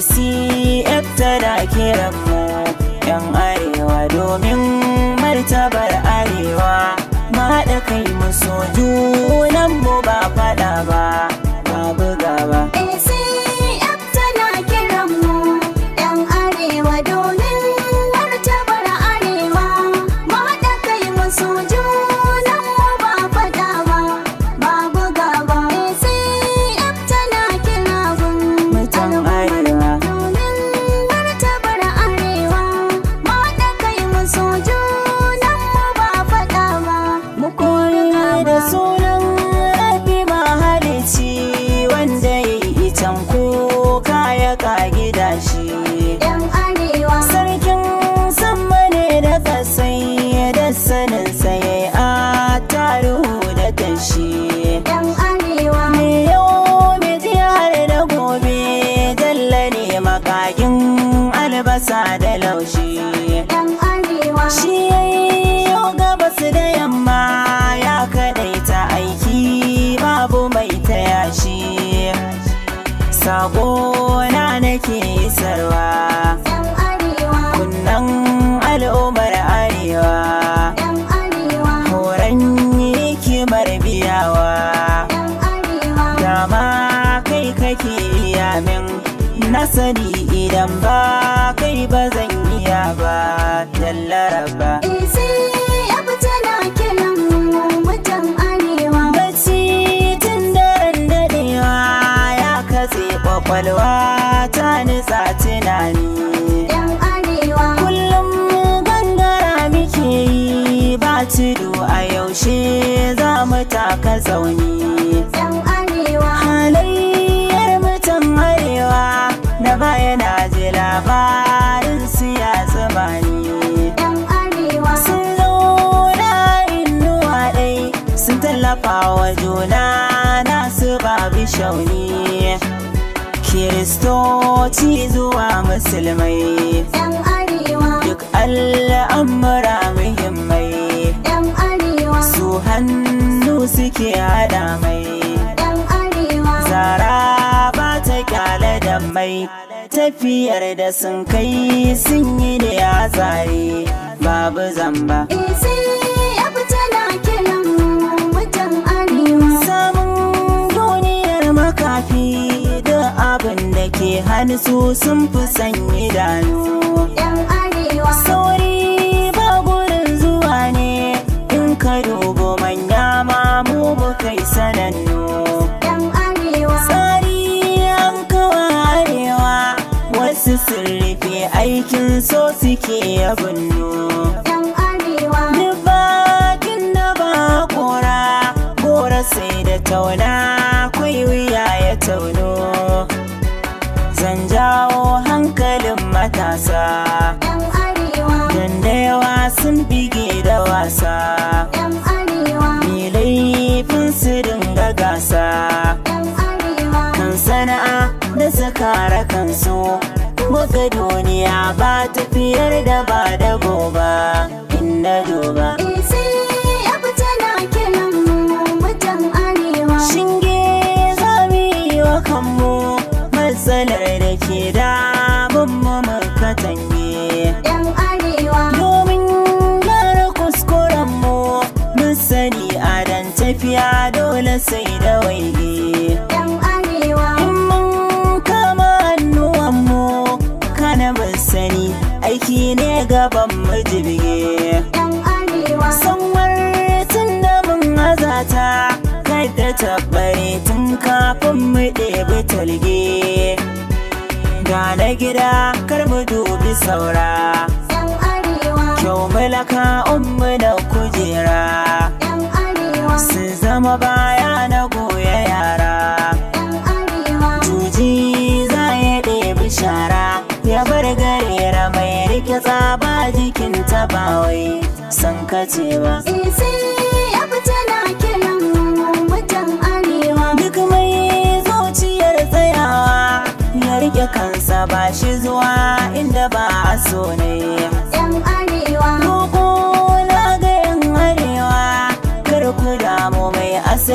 CF e tana kiran mu ‘yan arewa domin martabar arewa, ma haɗa kai mu so nan mu ba faɗa ba. a gona nake isarwa kunnan al'ummar arewa horon hikimar biyawa dama kai kake iya min nasari idan ba kai ba zan iya ba dan Laraba. kwakwalwa ta nitsa tunani kullum gangara muke yi ba tudu a yaushe za mu taka zaune halayyar mutum arewa na baya na ji labarin su ya zuba ne sun zauna innuwa ɗai sun tallafa wa juna nasu babu shauni kiristoci zuwa musulmai ɗan arewa duk al'amura muhimmai ɗan arewa su hannu suke haɗa mai ɗan arewa zara ba ta da mai tafiyar da sun kai sun yi da ya babu zamba. Eh, da ke hannu sun fi sanyi idanu sauri ba gurin zuwa ne in ka dubo manya ma mu muka yi sanannu tsari an kawo arewa wasu sun rufe aikin so suke yabinnu sai da tauna gasa mai laifin su dinga gasa kan sana'a da zakara kansu Muka duniya ba tafiyar da ba da goba in na duba eh, sai da waige dan arewa mun kama hannuwan mu kana sani aiki ne gaban mu jibige dan arewa sanwar tun da mun azata kada tabbare tun kafin mu ɗebi talge ga na gida kar mu dubi saura kyau mulaka ummu na kuji su zama baya na goya yara juji za ya ɗebi shara ya bar garera mai rike tsaba jikin tabawai san kace ba rike kansa ba shi zuwa inda ba a so ne.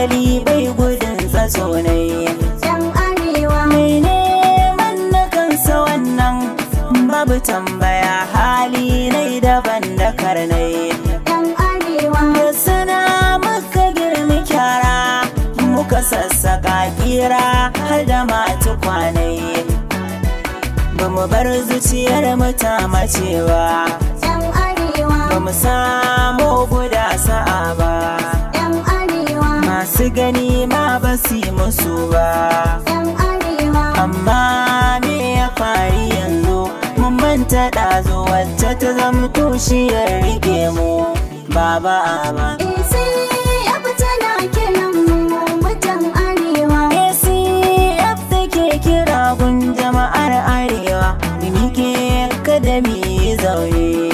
asali bai gudun tsatso ne dan arewa mai neman na kansa wannan babu tambaya hali nai daban da karnai dan arewa da sana maka girmi kyara muka sassaka kira har da matu kwanai ba mu bar zuciyar mata ta mace ba ba mu samu guda sa'a ba masu gani ma ba su yi musu ba amma me ya faru yanzu mun manta ɗazo wacce ta zamto shi ya rike mu baba e e take kiragun jama'ar arewa da kada mu zaune.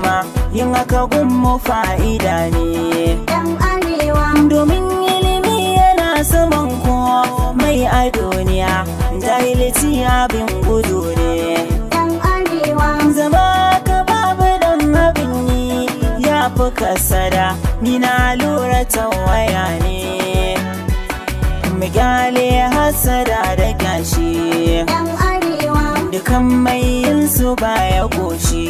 noma yin haka fa'ida ne domin ilimi yana saman mai a duniya iliti abin gudu ne zama ka babu don abin yi ya fi kasada nina lura lura tawaya ne migali hasada da gashi dukan mai yin su baya goshi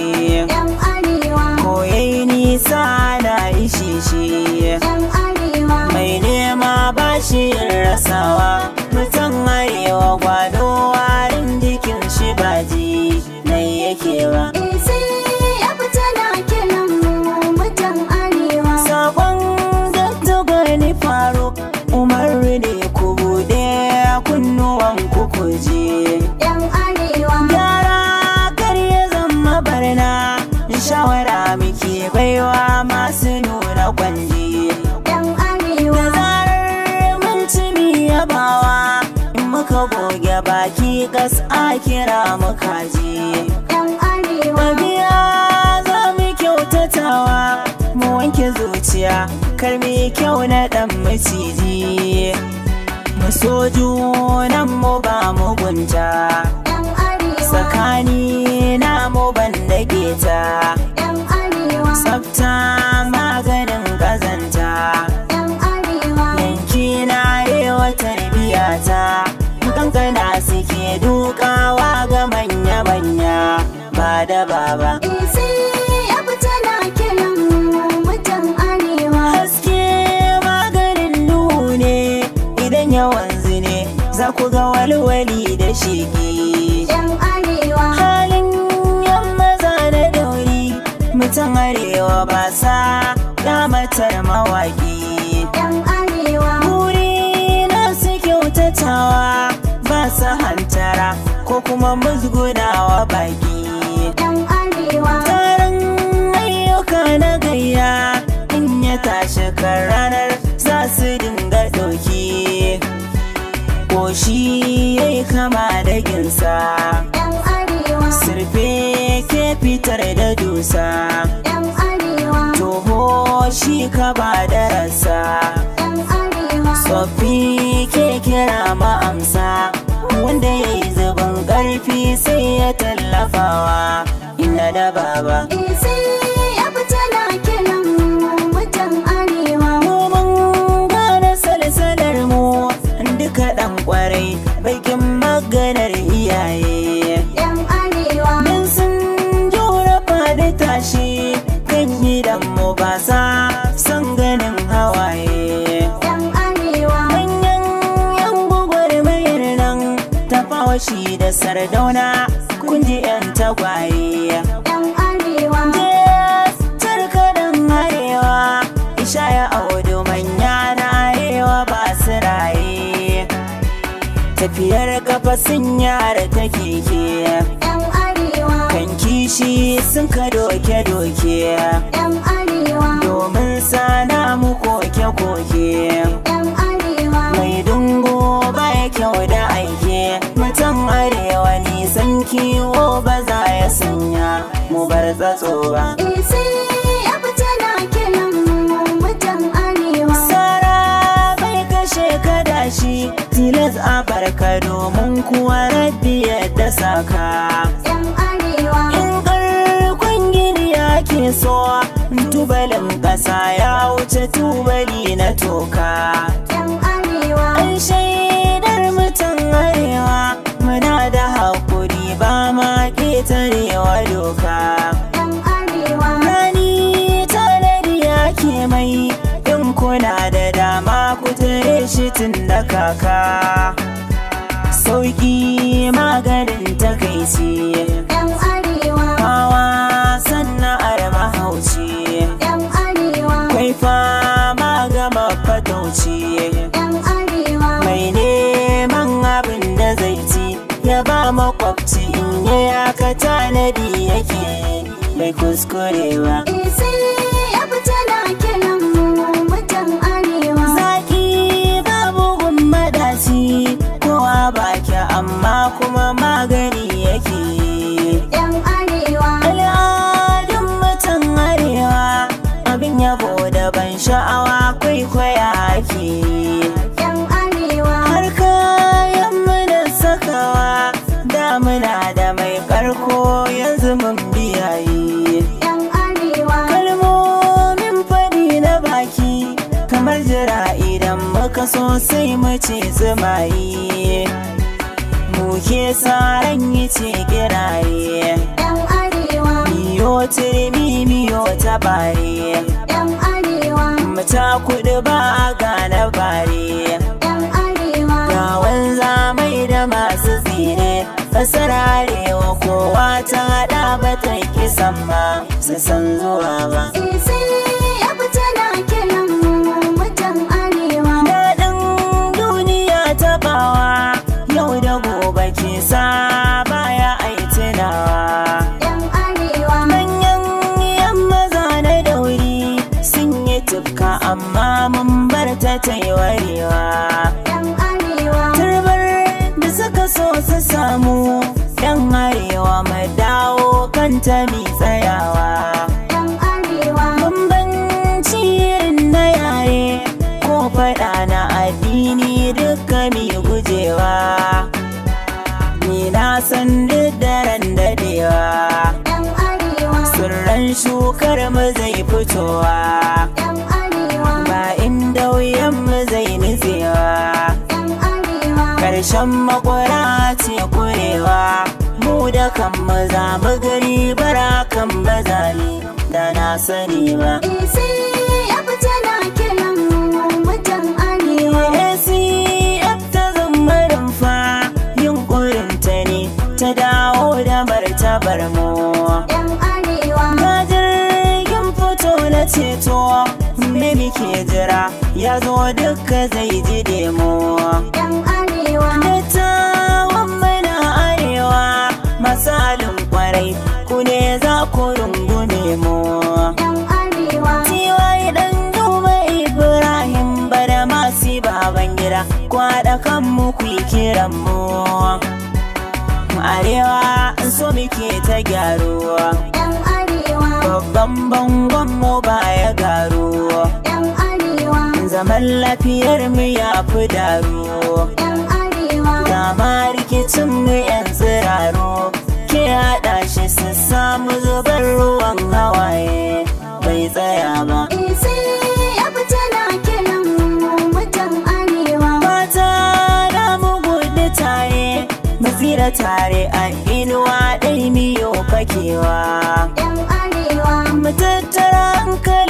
baiwa masu nuna kwalli dan arewa zarar mun ya bawa, in muka goge baki gas a kira muka je dan arewa biya za mu kyautatawa mu wanke zuciya kar mu kyau na dan maciji mu so junan mu ba mugunta tsakani na mu ban dage ta tsafta maganin kazanta yan arewa yanki na arewa tarbiyata kankana suke dukawa ga manya-manya ba da baba yawan zine za ku ga walwali da shige. Yan arewa. ta arewa basa sa mawaƙi. mawaki. arewa. Muri na su kyautatawa ba su hantara ko kuma muzgunawa baki. Yan arewa. Tarin ayyuka na gayya in ya tashi kan ranar za su dinga ɗauki. shi ya yi kama da ginsa. Sirfe ke fitar da dusa Yan arewa Toho shi ka ba da arewa Tsoffi ke kira ma'amsa Wanda ya yi zaban ƙarfi sai ya tallafawa Ina da baba. Eh, Cardona, kun and 'yan tagwaye. Yan arewa. arewa, ya raye. Tafiyar kafa sun yara ta keke. Yan arewa. Kan kishi sun ka doke-doke. Yan arewa. Domin sana mu koke-koke. Yan arewa. Mai dungo ba ya kyau da aike. 'yan arewa nisan kiwo ba za ya sanya mu bar tsatso ba. shi tilas a farka domin kuwa rabbi yadda saka. Yan arewa. In ƙarkon gini ya ke so, tubalin ƙasa ya wuce tubali na toka. kuna da dama ku tare shi tun da kaka sauki maganin takaici kai arewa hawa sannan a mahauci dan arewa kai fama ga mafatauci mai neman abin da zai ya ba makwabci in ya yaka tanadi yake mai kuskurewa eh, so sai mace mu muke saran yi ce giraye miyo tirmi miyo ta bare mata kudu ba a gane bare gawan mai da masu tsire fasar arewa kowa ta hada ba ta kisan ba su san zuwa ba kai warewa turbar da suka so su samu yan arewa mai dawo kan ta mi tsayawa bambanci irin na yare ko faɗa na addini duka mi gujewa ni na san duk daren dadewa sirran shukar mu zai fitowa mu zai nitsewa ƙarshen makwara ce kurewa mu da kan maza mu gari bara kan bazali da na sani ba ta dawo da barta barmo. Yan arewa. Na jirgin fito na ceto. yake jira ya zo duka zai ji demo yan arewa dattawan mana arewa masalin kwarai ku ne za ku rungume mu yan arewa tiwai dan duba ibrahim bada masu baban gida ku haɗa kanmu ku yi kiran mu arewa so muke ta gyaruwa babban bangon mu ba ya garuwa zaman lafiyar mu ya fi daro kama rikicin mu yan tsiraro ke haɗa shi su samu zubar ruwan hawaye bai tsaya ba eh, Tsira tare a inuwa ɗai miyo fakewa. Ɗan arewa. Mu tattara hankali.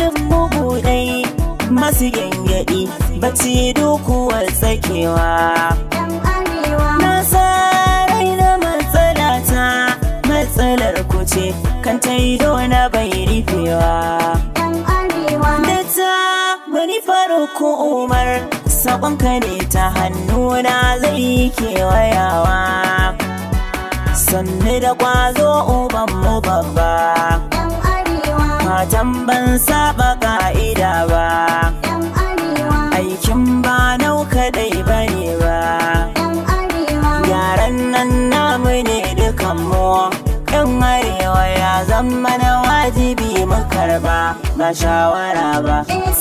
masu gyangyaɗi bacci dukuwar tsakewa na sarai na ta matsalar ku ce kan ta yi na bai rifewa da ta faro ko umar ka ne ta hannuna zai kewayawa sannu da ƙwazo ubanmu babba Matan ban saba ka'ida ba shawara ba.